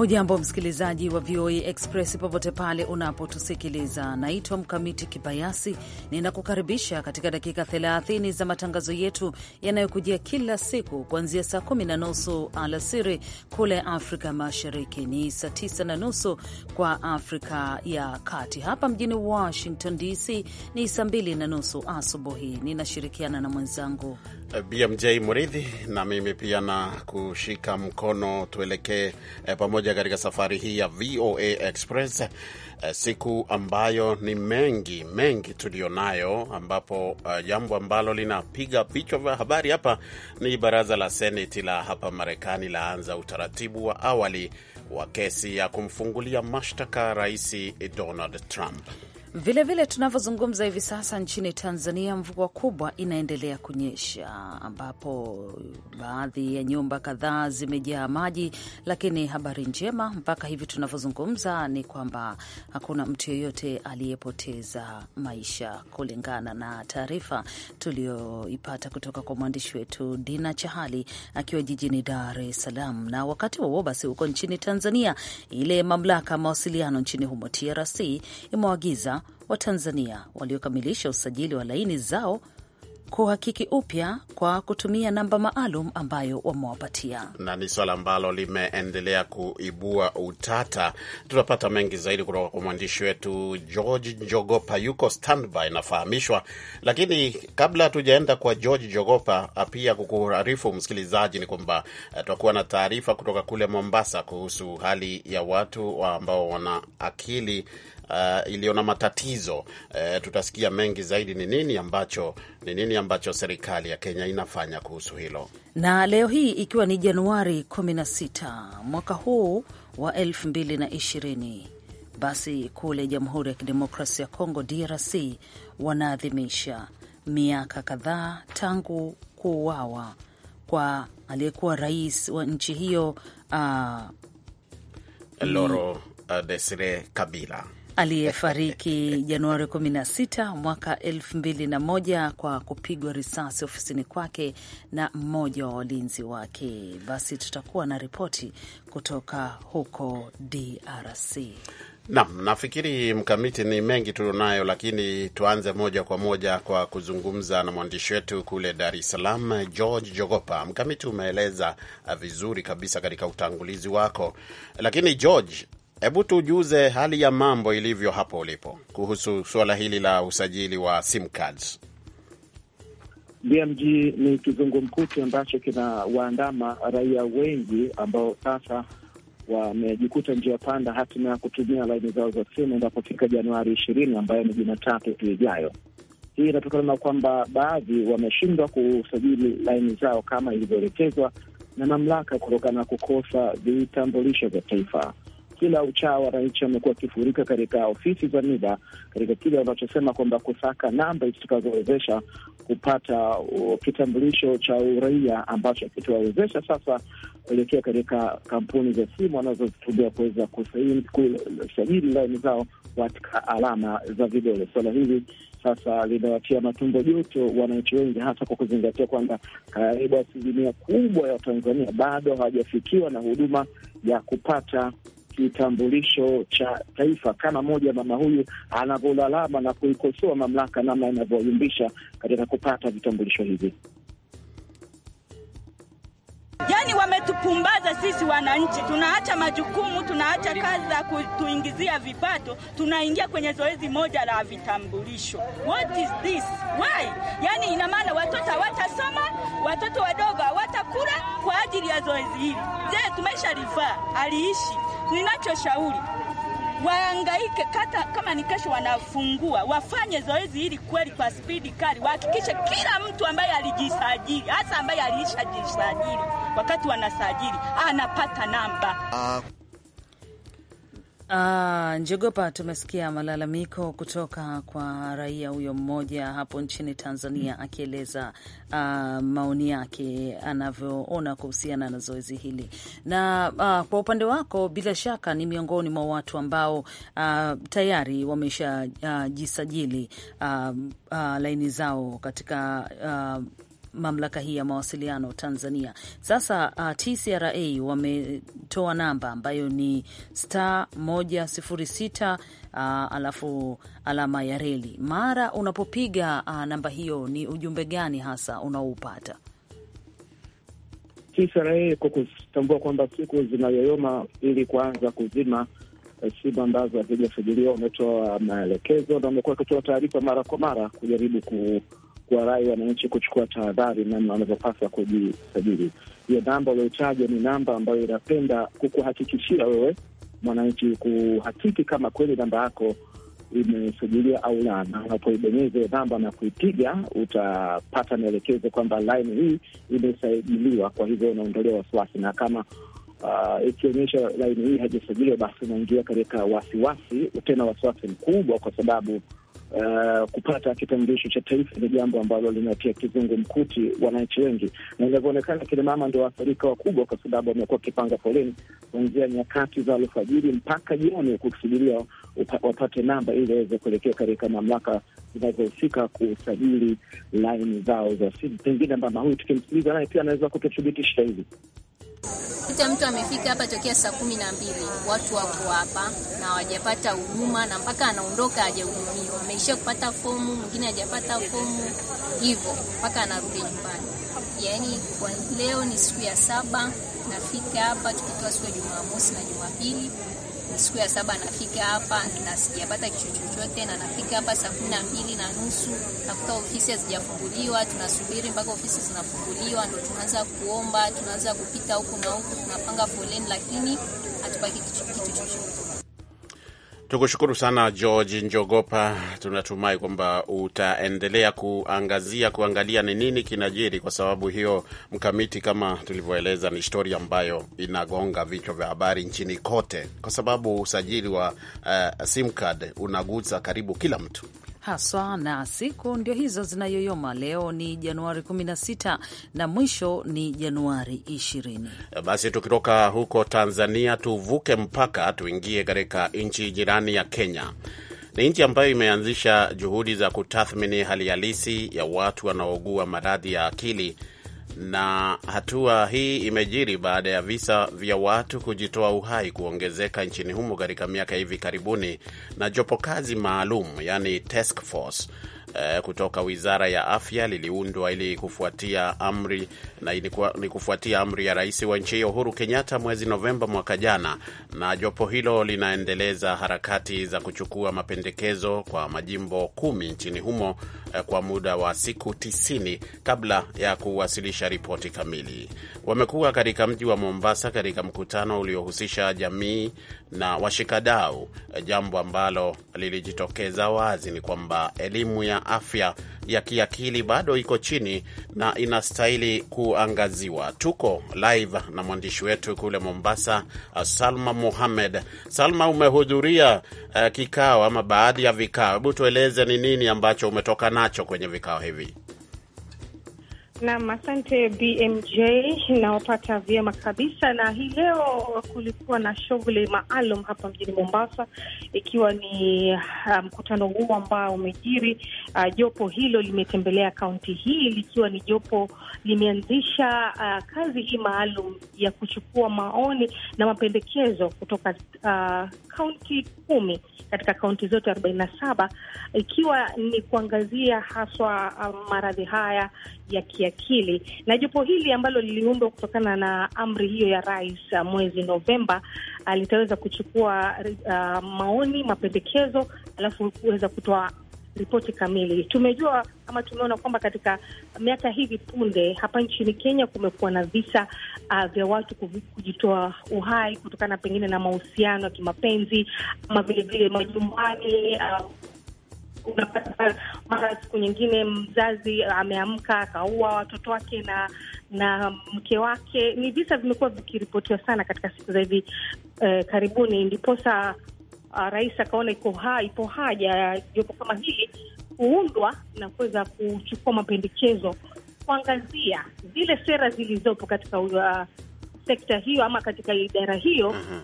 Hujambo msikilizaji wa VOA e Express popote pale unapotusikiliza. Naitwa Mkamiti Kibayasi, ninakukaribisha katika dakika 30 za matangazo yetu yanayokujia kila siku kuanzia saa kumi na nusu alasiri kule Afrika Mashariki, ni saa tisa na nusu kwa Afrika ya Kati. Hapa mjini Washington DC ni saa mbili na nusu asubuhi. Ninashirikiana na mwenzangu Eh, BMJ Muridhi na mimi pia na kushika mkono tuelekee eh, pamoja katika safari hii ya VOA Express, eh, siku ambayo ni mengi mengi tuliyonayo, ambapo jambo ambalo linapiga vichwa vya habari hapa ni baraza la seneti la hapa Marekani laanza utaratibu wa awali wa kesi ya kumfungulia mashtaka Rais Donald Trump. Vilevile tunavyozungumza hivi sasa nchini Tanzania, mvua kubwa inaendelea kunyesha, ambapo baadhi ya nyumba kadhaa zimejaa maji, lakini habari njema mpaka hivi tunavyozungumza ni kwamba hakuna mtu yeyote aliyepoteza maisha, kulingana na taarifa tuliyoipata kutoka kwa mwandishi wetu Dina Chahali akiwa jijini Dar es Salaam. Na wakati huo basi, huko nchini Tanzania, ile mamlaka ya mawasiliano nchini humo TRC imewagiza wa Tanzania waliokamilisha usajili wa laini zao kuhakiki upya kwa kutumia namba maalum ambayo wamewapatia, na ni swala ambalo limeendelea kuibua utata. Tutapata mengi zaidi kutoka kwa mwandishi wetu George Njogopa, yuko standby nafahamishwa. Lakini kabla hatujaenda kwa George Njogopa, ah, pia kukuharifu msikilizaji ni kwamba ah, tutakuwa na taarifa kutoka kule Mombasa kuhusu hali ya watu ambao wana akili uh, iliyo na matatizo. Uh, tutasikia mengi zaidi ni nini ambacho ni nini ambacho serikali ya Kenya inafanya kuhusu hilo. Na leo hii ikiwa ni Januari 16 mwaka huu wa 2020, basi kule Jamhuri ya Kidemokrasia ya Kongo, DRC, wanaadhimisha miaka kadhaa tangu kuuawa kwa aliyekuwa rais wa nchi hiyo uh, Loro mm, Desire Kabila aliyefariki Januari 16 mwaka 2001 kwa kupigwa risasi ofisini kwake na mmoja wa walinzi wake. Basi tutakuwa na ripoti kutoka huko DRC. Naam, nafikiri mkamiti, ni mengi tulionayo lakini tuanze moja kwa moja kwa kuzungumza na mwandishi wetu kule Dar es Salaam, George Jogopa. Mkamiti, umeeleza vizuri kabisa katika utangulizi wako, lakini George, Hebu tujuze hali ya mambo ilivyo hapo ulipo kuhusu suala hili la usajili wa sim cards. BMG ni kizungumkuti ambacho kinawaandama raia wengi ambao sasa wamejikuta njia panda hatima ya kutumia laini zao za simu inapofika Januari ishirini ambayo ni Jumatatu tu ijayo. Hii inatokana na kwamba baadhi wameshindwa kusajili laini zao kama ilivyoelekezwa na mamlaka kutokana na kukosa vitambulisho vya taifa kila uchao wananchi wamekuwa wakifurika katika ofisi za NIDA katika kile wanachosema kwamba kusaka namba zitakazowezesha kupata uh, kitambulisho cha uraia ambacho kitawawezesha sasa kuelekea katika kampuni za simu wanazozitumia kuweza kusajili laini zao katika alama za vidole. Suala hili sasa linawatia matumbo joto wananchi wengi, hasa kwa kuzingatia kwamba karibu asilimia kubwa ya Watanzania bado hawajafikiwa na huduma ya kupata kitambulisho cha taifa, kama moja mama huyu anavyolalama na kuikosoa mamlaka namna inavyoyumbisha katika kupata vitambulisho hivi. yani wametupumbaza sisi wananchi, tunaacha majukumu, tunaacha kazi za kutuingizia vipato, tunaingia kwenye zoezi moja la vitambulisho. What is this? Why? Yaani ina maana watoto hawatasoma, watoto wadogo hawatakula kwa ajili ya zoezi hili. Je, tumesha rifaa aliishi Ninachoshauri waangaike kata, kama ni kesho wanafungua, wafanye zoezi hili kweli kwa spidi kali, wahakikishe kila mtu ambaye alijisajili, hasa ambaye aliishajisajili wakati wanasajili anapata namba uh. Ah, njogopa, tumesikia malalamiko kutoka kwa raia huyo mmoja hapo nchini Tanzania akieleza ah, maoni yake anavyoona kuhusiana na zoezi hili. Na ah, kwa upande wako bila shaka ni miongoni mwa watu ambao ah, tayari wameshajisajili ah, ah, ah, laini zao katika ah, mamlaka hii ya mawasiliano Tanzania. Sasa uh, TCRA wametoa namba ambayo ni star 106 uh, alafu alama ya reli. Mara unapopiga uh, namba hiyo, ni ujumbe gani hasa unaoupata? TCRA kwa kutambua kwamba siku zinayoyoma ili kuanza kuzima eh, simu ambazo hazijasajiliwa, wametoa maelekezo na wamekuwa wakitoa taarifa mara kwa mara kujaribu ku rai wananchi kuchukua tahadhari namna wanavyopaswa kujisajili. Hiyo namba uliotaja ni namba ambayo inapenda kukuhakikishia wewe mwananchi kuhakiki kama kweli namba yako imesajiliwa au la, na unapoibonyeza namba na kuipiga utapata maelekezo kwamba laini hii imesajiliwa. Kwa hivyo unaondolea wasiwasi, na kama uh, ikionyesha laini hii haijasajiliwa, basi unaingia katika wasiwasi, tena wasiwasi mkubwa, kwa sababu uh, kupata kitambulisho cha taifa ni jambo ambalo linatia kizungu mkuti wananchi wengi, na inavyoonekana kina mama ndio waathirika wakubwa, kwa sababu wamekuwa wakipanga foleni kuanzia nyakati za alfajiri mpaka jioni kusubiria wapate namba ili waweze kuelekea katika mamlaka zinazohusika kusajili laini zao za simu. Pengine mama huyu tukimsikiliza naye pia anaweza kututhibitisha hivi. Kuta mtu amefika hapa tokea saa kumi na mbili, watu wako hapa na hawajapata huduma na mpaka anaondoka hajahudumiwa. Ameishia kupata fomu, mwingine hajapata fomu, hivyo mpaka anarudi nyumbani. Yaani kwa leo ni siku ya saba, nafika hapa tukitoa siku ya Jumamosi na Jumapili siku ya saba nafika hapa na sijapata kitu chochote, na nafika hapa saa kumi na mbili na nusu nakuta ofisi hazijafunguliwa. Tunasubiri mpaka ofisi zinafunguliwa ndo tunaanza kuomba, tunaanza kupita huku na huku, tunapanga foleni, lakini hatupaki kitu chochote. Tukushukuru sana George Njogopa. Tunatumai kwamba utaendelea kuangazia kuangalia ni nini kinajiri, kwa sababu hiyo mkamiti, kama tulivyoeleza, ni stori ambayo inagonga vichwa vya habari nchini kote, kwa sababu usajili wa uh, sim card unagusa karibu kila mtu haswa, na siku ndio hizo zinayoyoma. Leo ni Januari 16 na mwisho ni Januari 20. Basi tukitoka huko Tanzania tuvuke mpaka tuingie katika nchi jirani ya Kenya. Ni nchi ambayo imeanzisha juhudi za kutathmini hali halisi ya watu wanaougua maradhi ya akili na hatua hii imejiri baada ya visa vya watu kujitoa uhai kuongezeka nchini humo katika miaka hivi karibuni, na jopo kazi maalum, yani task force eh, kutoka wizara ya afya liliundwa ili kufuatia amri na ni kufuatia amri ya rais wa nchi hiyo Uhuru Kenyatta mwezi Novemba mwaka jana, na jopo hilo linaendeleza harakati za kuchukua mapendekezo kwa majimbo kumi nchini humo eh, kwa muda wa siku tisini kabla ya kuwasilisha ripoti kamili. Wamekuwa katika mji wa Mombasa katika mkutano uliohusisha jamii na washikadau, eh, jambo ambalo lilijitokeza wazi ni kwamba elimu ya afya ya kiakili bado iko chini na inastahili kuangaziwa. Tuko live na mwandishi wetu kule Mombasa, Salma muhamed Salma, umehudhuria uh, kikao ama baadhi ya vikao, hebu tueleze ni nini ambacho umetoka nacho kwenye vikao hivi? Nam, asante BMJ, nawapata vyema kabisa. Na hii leo kulikuwa na shughuli maalum hapa mjini Mombasa, ikiwa ni ah, mkutano um, huu ambao umejiri. Uh, jopo hilo limetembelea kaunti hii likiwa ni jopo limeanzisha uh, kazi hii maalum ya kuchukua maoni na mapendekezo kutoka uh, kaunti kumi katika kaunti zote arobaini na saba ikiwa ni kuangazia haswa um, maradhi haya ya kiakili, na jopo hili ambalo liliundwa kutokana na amri hiyo ya rais uh, mwezi Novemba uh, litaweza kuchukua uh, maoni, mapendekezo alafu kuweza kutoa ripoti kamili. Tumejua ama tumeona kwamba katika miaka hivi punde hapa nchini Kenya kumekuwa na visa uh, vya watu kujitoa uhai kutokana pengine na mahusiano ya kimapenzi ama vilevile majumbani uh, unapata mara siku nyingine mzazi ameamka akaua watoto wake na na mke wake. Ni visa vimekuwa vikiripotiwa sana katika siku za hivi eh, karibuni, ndiposa uh, rais akaona ipo haja ya jopo kama hili kuundwa na kuweza kuchukua mapendekezo kuangazia zile sera zilizopo katika uh, sekta hiyo ama katika idara hiyo mhm.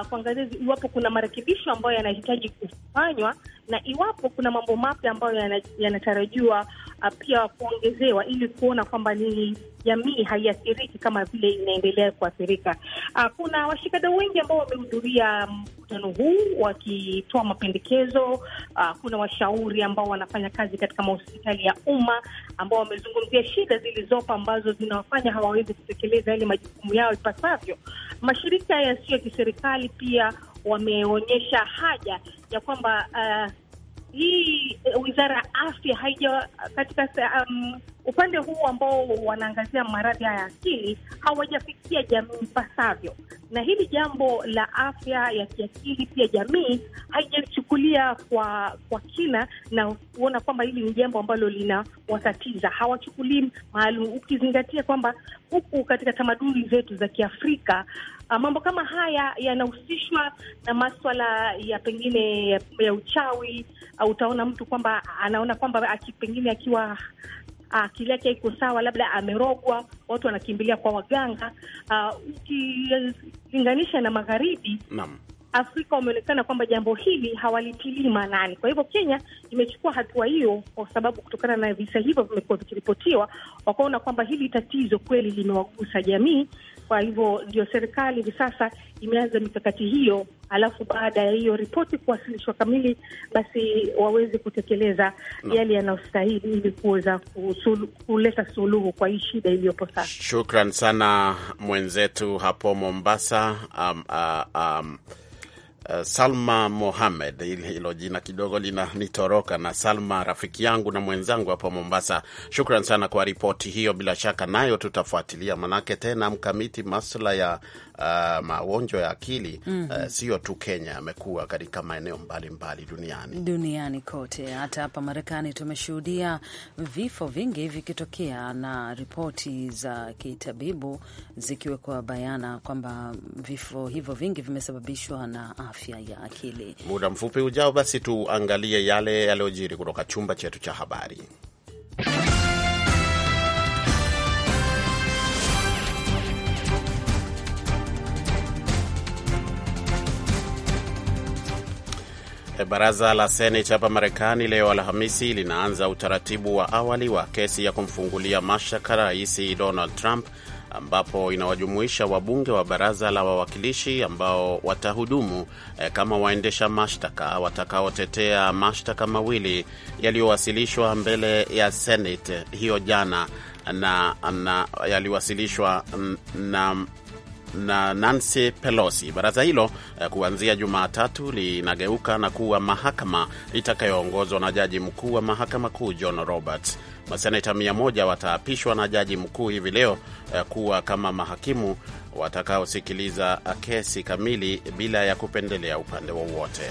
uh, kuangazia iwapo kuna marekebisho ambayo yanahitaji kufanywa na iwapo kuna mambo mapya ambayo yanatarajiwa yana uh, pia kuongezewa ili kuona kwamba ni jamii haiathiriki kama vile inaendelea kuathirika. Uh, kuna washikadau wengi ambao wamehudhuria mkutano huu wakitoa mapendekezo. Uh, kuna washauri ambao wanafanya kazi katika mahospitali ya umma ambao wamezungumzia shida zilizopo ambazo zinawafanya hawawezi kutekeleza yale majukumu yao ipasavyo. Mashirika yasiyo ya kiserikali pia wameonyesha haja ya kwamba uh, hii eh, wizara ya afya haija katika um, upande huu ambao wanaangazia maradhi haya ya akili hawajafikia jamii ipasavyo, na hili jambo la afya ya kiakili pia jamii haijachukulia kwa kwa kina na kuona kwamba hili ni jambo ambalo linawatatiza, hawachukulii maalum, ukizingatia kwamba huku katika tamaduni zetu za Kiafrika Uh, mambo kama haya yanahusishwa na maswala ya pengine ya uchawi. Uh, utaona mtu kwamba anaona kwamba aki, pengine akiwa ah, akili yake iko sawa, labda amerogwa, watu wanakimbilia kwa waganga. Ah, ukilinganisha na magharibi Mam. Afrika wameonekana kwamba jambo hili hawalitilii maanani. Kwa hivyo Kenya imechukua hatua hiyo, kwa sababu kutokana na visa hivyo vimekuwa vikiripotiwa, wakaona kwamba hili tatizo kweli limewagusa jamii kwa hivyo ndio serikali hivi sasa imeanza mikakati hiyo, alafu baada ya hiyo ripoti kuwasilishwa kamili, basi waweze kutekeleza no. yale yanayostahili ili kuweza kuleta suluhu kwa hii shida iliyopo sasa. Shukran sana mwenzetu hapo Mombasa. um, uh, um. Eh, Salma Mohamed. Hilo jina kidogo linanitoroka. Na Salma rafiki yangu na mwenzangu hapo Mombasa, shukran sana kwa ripoti hiyo. Bila shaka nayo tutafuatilia, manake tena mkamiti maswala ya uh, magonjwa ya akili mm -hmm. uh, sio tu Kenya, amekuwa katika maeneo mbalimbali mbali duniani duniani kote. Hata hapa Marekani tumeshuhudia vifo vingi vikitokea na ripoti za kitabibu zikiwekwa bayana kwamba vifo hivyo vingi vimesababishwa na afya ya akili. Muda mfupi ujao, basi tuangalie yale yaliyojiri kutoka chumba chetu cha habari. Eh, baraza la Seneti hapa Marekani leo Alhamisi linaanza utaratibu wa awali wa kesi ya kumfungulia mashtaka Rais Donald Trump, ambapo inawajumuisha wabunge wa baraza la wawakilishi ambao watahudumu eh, kama waendesha mashtaka watakaotetea mashtaka mawili yaliyowasilishwa mbele ya Seneti hiyo jana na, na yaliwasilishwa na na Nancy Pelosi. Baraza hilo eh, kuanzia Jumatatu linageuka na kuwa mahakama itakayoongozwa na jaji mkuu wa mahakama kuu John Roberts. Maseneta mia moja wataapishwa na jaji mkuu hivi leo eh, kuwa kama mahakimu watakaosikiliza eh, kesi kamili bila ya kupendelea upande wowote.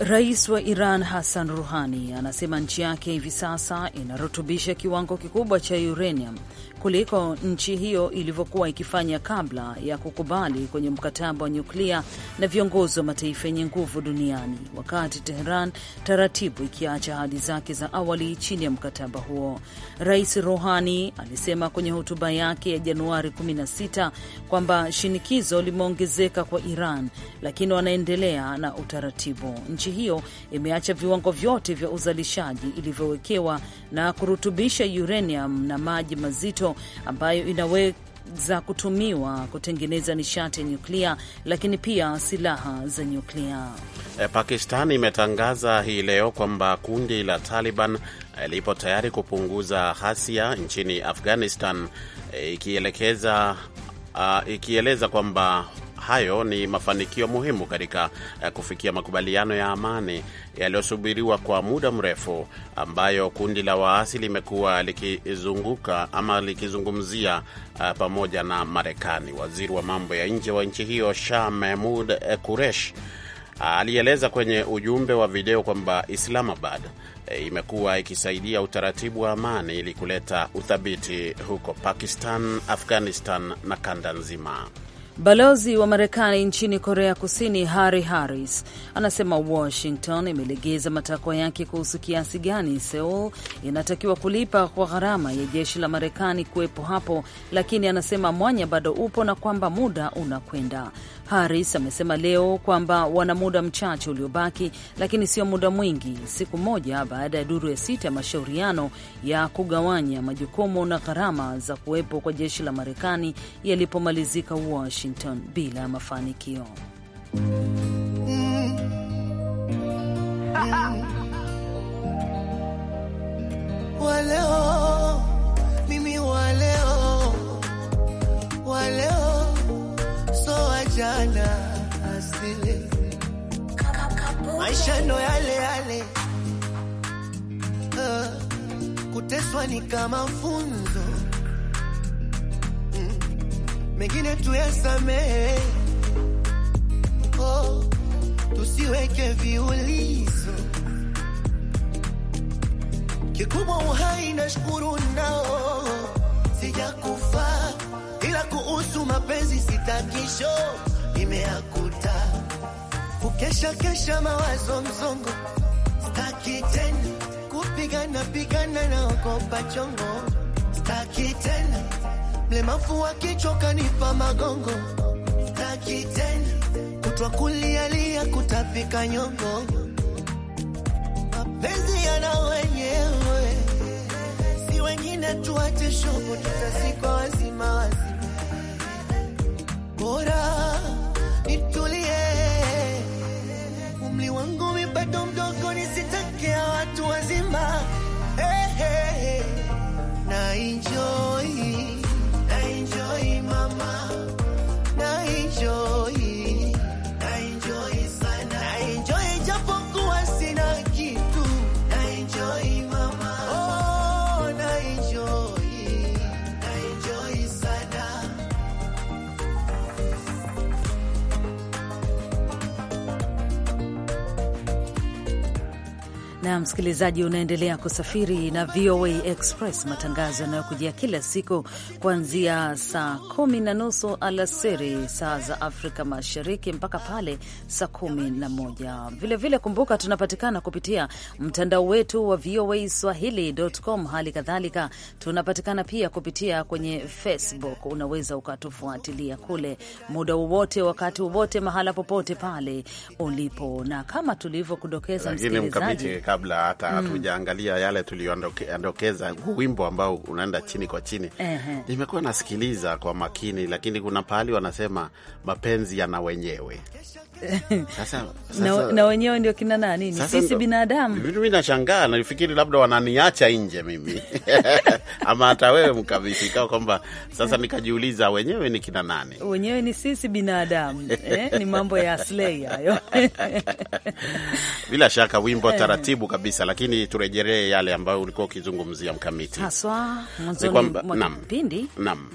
Rais wa Iran Hassan ruhani anasema nchi yake hivi sasa inarutubisha kiwango kikubwa cha uranium kuliko nchi hiyo ilivyokuwa ikifanya kabla ya kukubali kwenye mkataba wa nyuklia na viongozi wa mataifa yenye nguvu duniani, wakati Teheran taratibu ikiacha ahadi zake za awali chini ya mkataba huo. Rais Rohani alisema kwenye hotuba yake ya Januari 16 kwamba shinikizo limeongezeka kwa Iran, lakini wanaendelea na utaratibu nchi nchi hiyo imeacha viwango vyote vya uzalishaji ilivyowekewa na kurutubisha uranium na maji mazito ambayo inawe za kutumiwa kutengeneza nishati ya nyuklia lakini pia silaha za nyuklia. E, Pakistan imetangaza hii leo kwamba kundi la Taliban e, lipo tayari kupunguza ghasia nchini Afghanistan, e, ikielekeza uh, ikieleza kwamba hayo ni mafanikio muhimu katika eh, kufikia makubaliano ya amani yaliyosubiriwa kwa muda mrefu, ambayo kundi la waasi limekuwa likizunguka ama likizungumzia eh, pamoja na Marekani. Waziri wa mambo ya nje wa nchi hiyo Shah mehmud kuresh eh, alieleza kwenye ujumbe wa video kwamba Islamabad e, imekuwa ikisaidia utaratibu wa amani ili kuleta uthabiti huko Pakistan, Afghanistan na kanda nzima. Balozi wa Marekani nchini Korea Kusini Harry Harris anasema Washington imelegeza matakwa yake kuhusu kiasi gani Seul inatakiwa kulipa kwa gharama ya jeshi la Marekani kuwepo hapo, lakini anasema mwanya bado upo na kwamba muda unakwenda. Harris amesema leo kwamba wana muda mchache uliobaki, lakini sio muda mwingi, siku moja baada ya duru ya sita ya mashauriano ya kugawanya majukumu na gharama za kuwepo kwa jeshi la Marekani yalipomalizika Washington bila ya mafanikio. Mm. Mm. kijana asili maisha ndo yale yale. Uh, kuteswa ni kama funzo, mm, mengine tuyasamehe. Oh, tusiweke viulizo kikubwa uhai. na Nashukuru nao sijakufa ila kuhusu mapenzi sitakisho nimeakuta kukesha kesha mawazo mzongo staki tena kupigana pigana na okopa chongo staki tena mlemafu wa kichwa kanipa magongo staki tena kutwa kulialia kutafika nyongo mapenzi yana wenyewe si wengine tuwate shobo tutazikwa wazima wazima bora nitulie, umri wangu mi bado mdogo, nisitakea watu wazima hey, hey, hey, na inji na msikilizaji, unaendelea kusafiri na VOA Express, matangazo yanayokujia kila siku kuanzia saa kumi na nusu alasiri saa za Afrika Mashariki mpaka pale saa kumi na moja. Vilevile kumbuka, tunapatikana kupitia mtandao wetu wa VOA Swahili.com. Hali kadhalika tunapatikana pia kupitia kwenye Facebook, unaweza ukatufuatilia kule muda wowote, wakati wowote, mahala popote pale ulipo, na kama tulivyokudokeza msikilizaji kabla hata mm. hatujaangalia mm. yale tuliyoandokeza, wimbo ambao unaenda chini kwa chini mm Nimekuwa nasikiliza kwa makini, lakini kuna pahali wanasema mapenzi yana wenyewe sasa, sasa, na, wenyewe ndio kina nani? Ni sisi binadamu. Mimi nashangaa nafikiri labda wananiacha nje mimi ama hata wewe mkabisi kwamba sasa nikajiuliza wenyewe ni kina nani? Wenyewe ni sisi binadamu eh, ni mambo ya slei hayo bila shaka wimbo eh. taratibu kabisa, lakini turejelee yale ambayo ulikuwa ukizungumzia mkamiti haswa mwanzoni mwa kipindi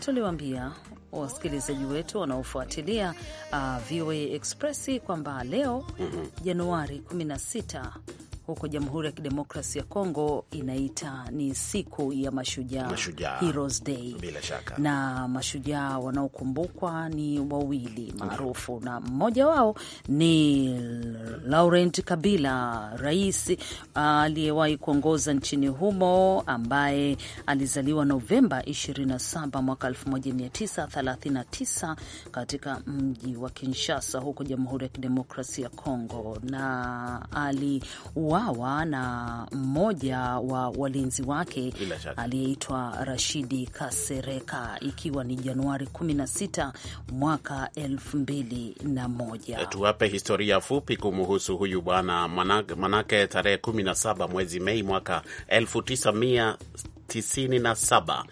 tuliwaambia wasikilizaji wetu wanaofuatilia uh, VOA Express kwamba leo mm -hmm. Januari 16 huko Jamhuri ya Kidemokrasi ya Kongo inaita ni siku ya mashujaa, mashujaa. Heroes Day. Bila shaka. Na mashujaa wanaokumbukwa ni wawili maarufu na mmoja wao ni Laurent Kabila, rais uh, aliyewahi kuongoza nchini humo ambaye alizaliwa Novemba 27 mwaka 1939 katika mji wa Kinshasa huko Jamhuri ya Kidemokrasi ya Kongo na ali aliuawa na mmoja wa walinzi wake aliyeitwa Rashidi Kasereka ikiwa ni Januari 16 mwaka 2001. E, tuwape historia fupi kumhusu huyu bwana manake, tarehe 17 mwezi Mei mwaka 97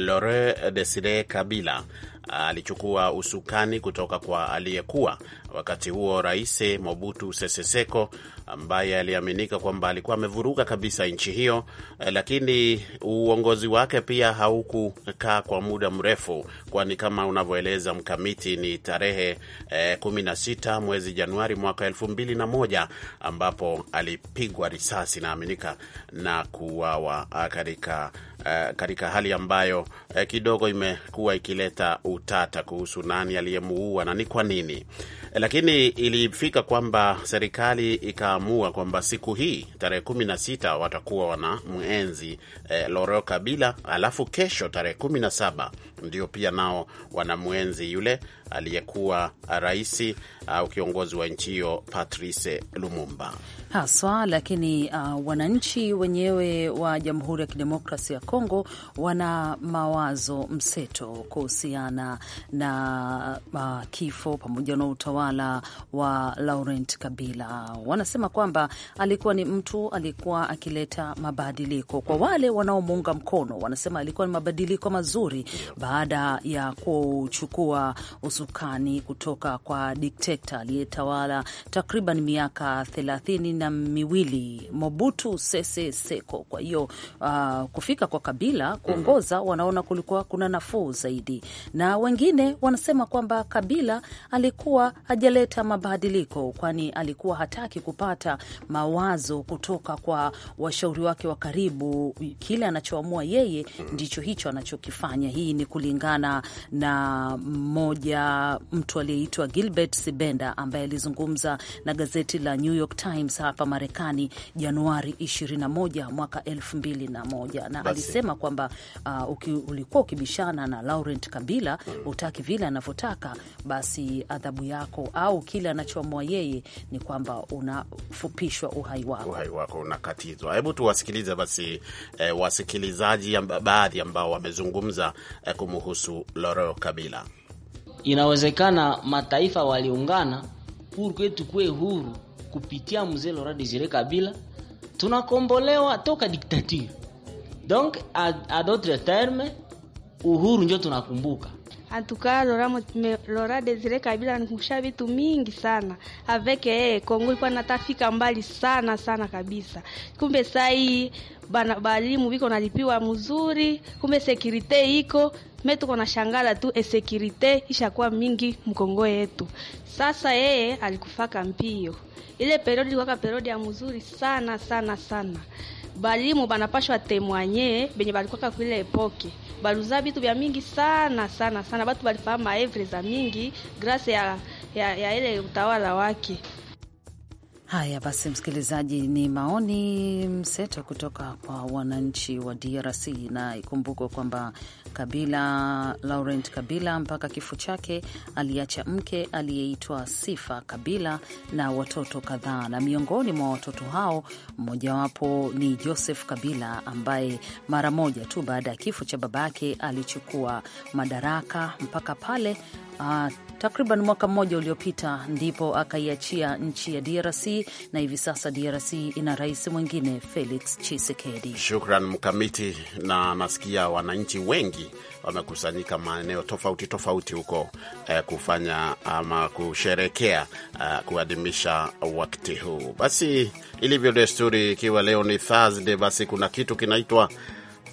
Lore Desire Kabila alichukua usukani kutoka kwa aliyekuwa wakati huo Rais Mobutu Sese Seko ambaye aliaminika kwamba alikuwa amevuruga kabisa nchi hiyo, eh, lakini uongozi wake pia haukukaa kwa muda mrefu, kwani kama unavyoeleza mkamiti ni tarehe eh, 16 mwezi Januari mwaka 21 ambapo alipigwa risasi naaminika na kuuawa ah, katika eh, hali ambayo eh, kidogo imekuwa ikileta utata kuhusu nani aliyemuua na ni kwa nini, eh, lakini ilifika kwamba serikali ikaamua kwamba siku hii tarehe kumi na sita watakuwa wana mwenzi eh, Laurent Kabila, alafu kesho tarehe kumi na saba ndio pia nao wana mwenzi yule aliyekuwa raisi au uh, kiongozi wa nchi hiyo Patrice Lumumba haswa. Lakini uh, wananchi wenyewe wa Jamhuri ya kidemokrasi ya Kongo wana mawazo mseto kuhusiana na uh, kifo pamoja na utawala wa Laurent Kabila. Wanasema kwamba alikuwa ni mtu alikuwa akileta mabadiliko kwa wale wanaomuunga mkono, wanasema alikuwa ni mabadiliko mazuri ba baada ya kuchukua usukani kutoka kwa dikteta aliyetawala takriban miaka thelathini na miwili Mobutu Sese Seko. Kwa hiyo uh, kufika kwa Kabila kuongoza, wanaona kulikuwa kuna nafuu zaidi, na wengine wanasema kwamba Kabila alikuwa hajaleta mabadiliko, kwani alikuwa hataki kupata mawazo kutoka kwa washauri wake wa karibu. Kile anachoamua yeye ndicho hicho anachokifanya. Hii ni kulingana na mmoja mtu aliyeitwa Gilbert Sibenda ambaye alizungumza na gazeti la New York Times hapa Marekani Januari 21 mwaka 2001 na na alisema kwamba uh, uki, ulikuwa ukibishana na Laurent Kabila hmm. utaki vile anavyotaka, basi adhabu yako au kile anachoamua yeye ni kwamba unafupishwa uhai wako, uhai wako unakatizwa. Hebu tuwasikilize basi eh, wasikilizaji amba, baadhi ambao wamezungumza eh, kumuhusu Loro Kabila. Inawezekana mataifa waliungana huru kwetu kuwe huru kupitia mzee Laurent Desire Kabila, tunakombolewa toka diktature. Donc a d'autres termes, uhuru ndio tunakumbuka. Antuka Laurent Desire Kabila nikusha vitu mingi sana avec yeye Kongo ilikuwa natafika mbali sana sana kabisa. Kumbe sai balimu biko nalipiwa mzuri, kumbe securite iko me tuko na shangala tu esekirite ishakuwa mingi mkongo yetu. Sasa yeye alikufaka mpio ile periodi waka periodi ya mzuri sana sana sana, balimu banapashwa temwanye benye balikuwa kuile epoke baluza vitu vya mingi sana sana sana, batu balifahama maevre za mingi grase ya, ya, ya ile utawala wake Haya basi, msikilizaji, ni maoni mseto kutoka kwa wananchi wa DRC, na ikumbukwe kwamba Kabila, Laurent Kabila, mpaka kifo chake aliacha mke aliyeitwa Sifa Kabila na watoto kadhaa, na miongoni mwa watoto hao mmojawapo ni Joseph Kabila ambaye mara moja tu baada ya kifo cha babake alichukua madaraka mpaka pale uh, takriban mwaka mmoja uliopita, ndipo akaiachia nchi ya DRC na hivi sasa DRC ina rais mwingine Felix Tshisekedi. Shukran Mkamiti, na nasikia wananchi wengi wamekusanyika maeneo tofauti tofauti huko eh, kufanya ama kusherekea eh, kuadhimisha wakati huu. Basi ilivyo desturi, ikiwa leo ni Thursday, basi kuna kitu kinaitwa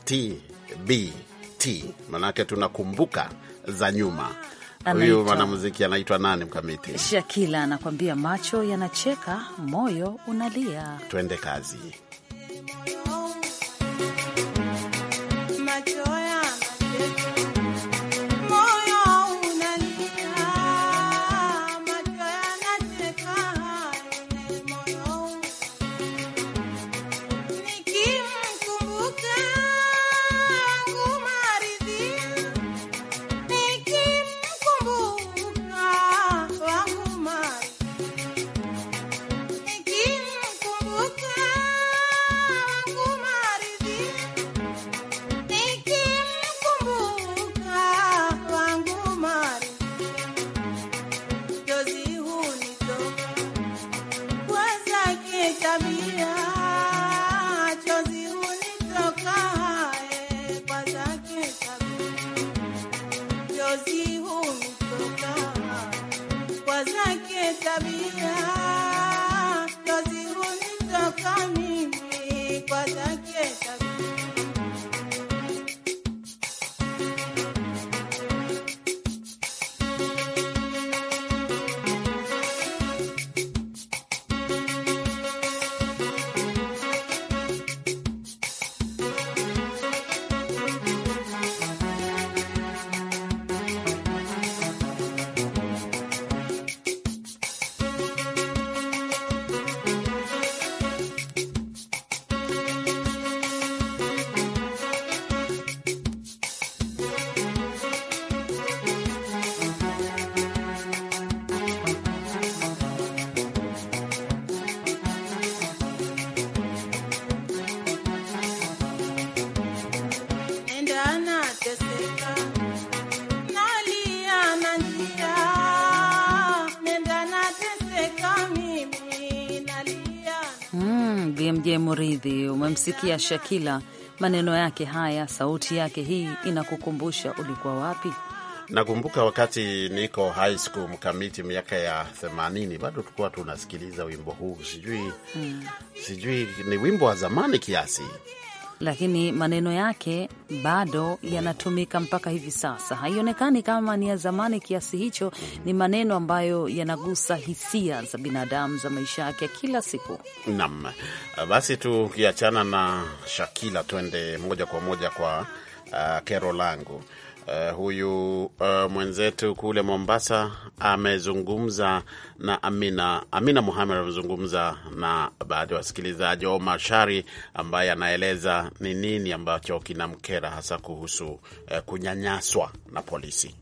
TBT, manake tunakumbuka za nyuma Huyu mwanamuziki anaitwa nani? Mkamiti Shakila anakwambia macho yanacheka, moyo unalia. Twende kazi macho ya Mridhi. Umemsikia Shakila maneno yake haya, sauti yake hii inakukumbusha ulikuwa wapi? Nakumbuka wakati niko high school mkamiti, miaka ya themanini, bado tulikuwa tunasikiliza wimbo huu, sijui mm. sijui ni wimbo wa zamani kiasi lakini maneno yake bado yanatumika mpaka hivi sasa. Haionekani kama ni ya zamani kiasi hicho. Ni maneno ambayo yanagusa hisia za binadamu za maisha yake ya kila siku. Naam, basi tukiachana na Shakila, tuende moja kwa moja kwa uh, kero langu. Uh, huyu uh, mwenzetu kule Mombasa amezungumza na Amina, Amina muhamed amezungumza na baadhi ya wasikilizaji wa Omar Shari ambaye anaeleza ni nini ambacho kinamkera hasa kuhusu uh, kunyanyaswa na polisi.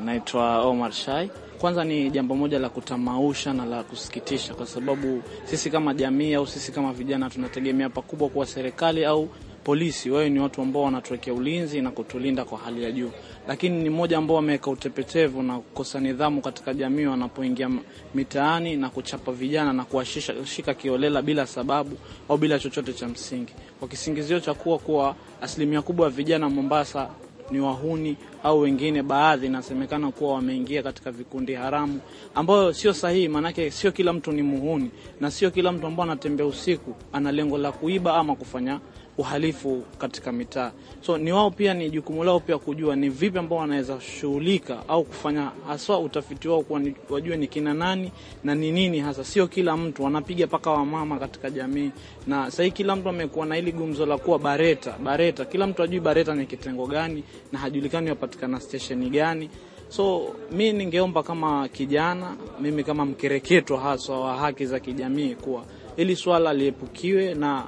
Naitwa Omar Shai. Kwanza ni jambo moja la kutamausha na la kusikitisha, kwa sababu sisi kama jamii au sisi kama vijana tunategemea pakubwa kuwa serikali au polisi, wewe ni watu ambao wanatuwekea ulinzi na kutulinda kwa hali ya juu lakini ni mmoja ambao wameweka utepetevu na kukosa nidhamu katika jamii wanapoingia mitaani na kuchapa vijana na kuwashika kiolela bila sababu au bila chochote cha msingi, kwa kisingizio cha kuwa kuwa asilimia kubwa ya vijana Mombasa ni wahuni au wengine baadhi inasemekana kuwa wameingia katika vikundi haramu, ambayo sio sahihi. Maanake sio kila mtu ni muhuni na sio kila mtu ambao anatembea usiku ana lengo la kuiba ama kufanya uhalifu katika mitaa. So ni wao pia, ni jukumu lao pia kujua ni vipi ambao wanaweza shughulika au kufanya haswa utafiti wao, kwa wajue ni kina nani na ni nini hasa. Sio kila mtu wanapiga paka wamama katika jamii, na sahii kila mtu amekuwa na hili gumzo la kuwa bareta bareta, kila mtu ajui bareta ni kitengo gani na hajulikani wapatikana stesheni gani. So mi ningeomba kama kijana, mimi kama mkereketo haswa wa haki za kijamii, kuwa ili swala liepukiwe na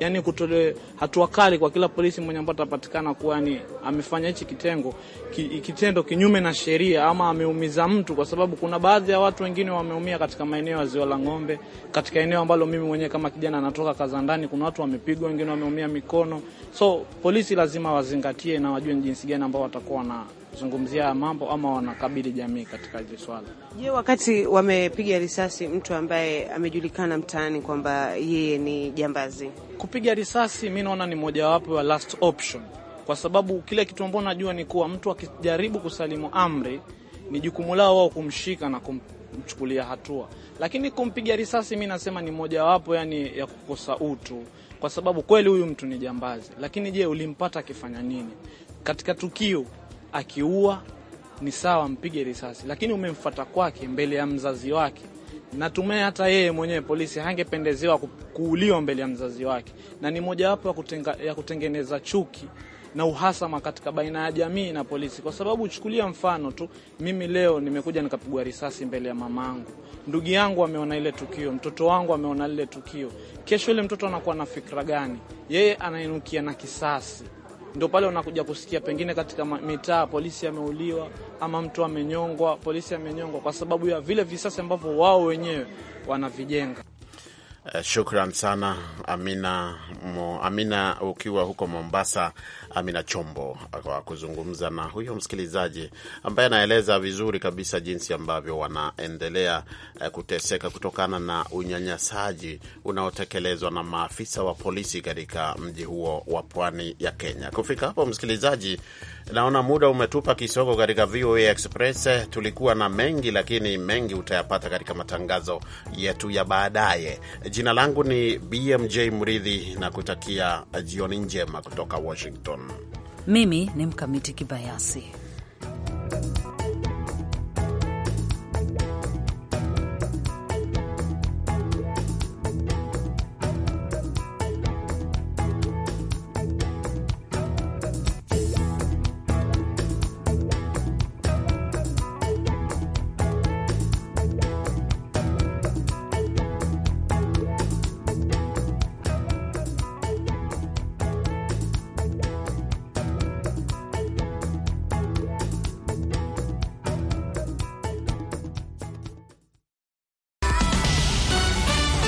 yani kutolewa hatua kali kwa kila polisi mwenye ambaye atapatikana kuwa yani amefanya hichi kitengo ki, kitendo kinyume na sheria ama ameumiza mtu, kwa sababu kuna baadhi ya watu wengine wameumia katika maeneo ya Ziwa la Ng'ombe, katika eneo ambalo mimi mwenyewe kama kijana natoka Kazandani, kuna watu wamepigwa, wengine wameumia mikono. So polisi lazima wazingatie na wajue ni jinsi gani ambao watakuwa na kuzungumzia mambo ama wanakabili jamii katika hili swala. Je, wakati wamepiga risasi mtu ambaye amejulikana mtaani kwamba yeye ni jambazi, kupiga risasi mi naona ni mojawapo ya last option, kwa sababu kile kitu ambao najua ni kuwa mtu akijaribu kusalimu amri ni jukumu lao wao kumshika na kumchukulia hatua, lakini kumpiga risasi mi nasema ni mojawapo yani ya kukosa utu, kwa sababu kweli huyu mtu ni jambazi, lakini je, ulimpata akifanya nini katika tukio? akiua ni sawa, mpige risasi, lakini umemfuata kwake mbele ya mzazi wake. Natumai hata yeye mwenyewe polisi hangependezewa kuuliwa mbele ya mzazi wake, na ni mojawapo ya kutengeneza chuki na uhasama katika baina ya jamii na polisi, kwa sababu uchukulia mfano tu, mimi leo nimekuja nikapigwa risasi mbele ya mamangu, ndugu yangu ameona ile tukio, mtoto wangu ameona lile tukio, kesho ile mtoto anakuwa na fikra gani? Yeye anainukia na kisasi. Ndio pale unakuja kusikia pengine katika mitaa polisi ameuliwa ama mtu amenyongwa, polisi amenyongwa kwa sababu ya vile visasi ambavyo wao wenyewe wanavijenga. Eh, shukran sana Amina, mo, Amina ukiwa huko Mombasa, Amina Chombo kwa kuzungumza na huyo msikilizaji ambaye anaeleza vizuri kabisa jinsi ambavyo wanaendelea eh, kuteseka kutokana na unyanyasaji unaotekelezwa na maafisa wa polisi katika mji huo wa pwani ya Kenya. Kufika hapo, msikilizaji, naona muda umetupa kisogo katika VOA Express. Tulikuwa na mengi, lakini mengi utayapata katika matangazo yetu ya baadaye. Jina langu ni BMJ Mridhi na kutakia jioni njema kutoka Washington. Mimi ni Mkamiti Kibayasi.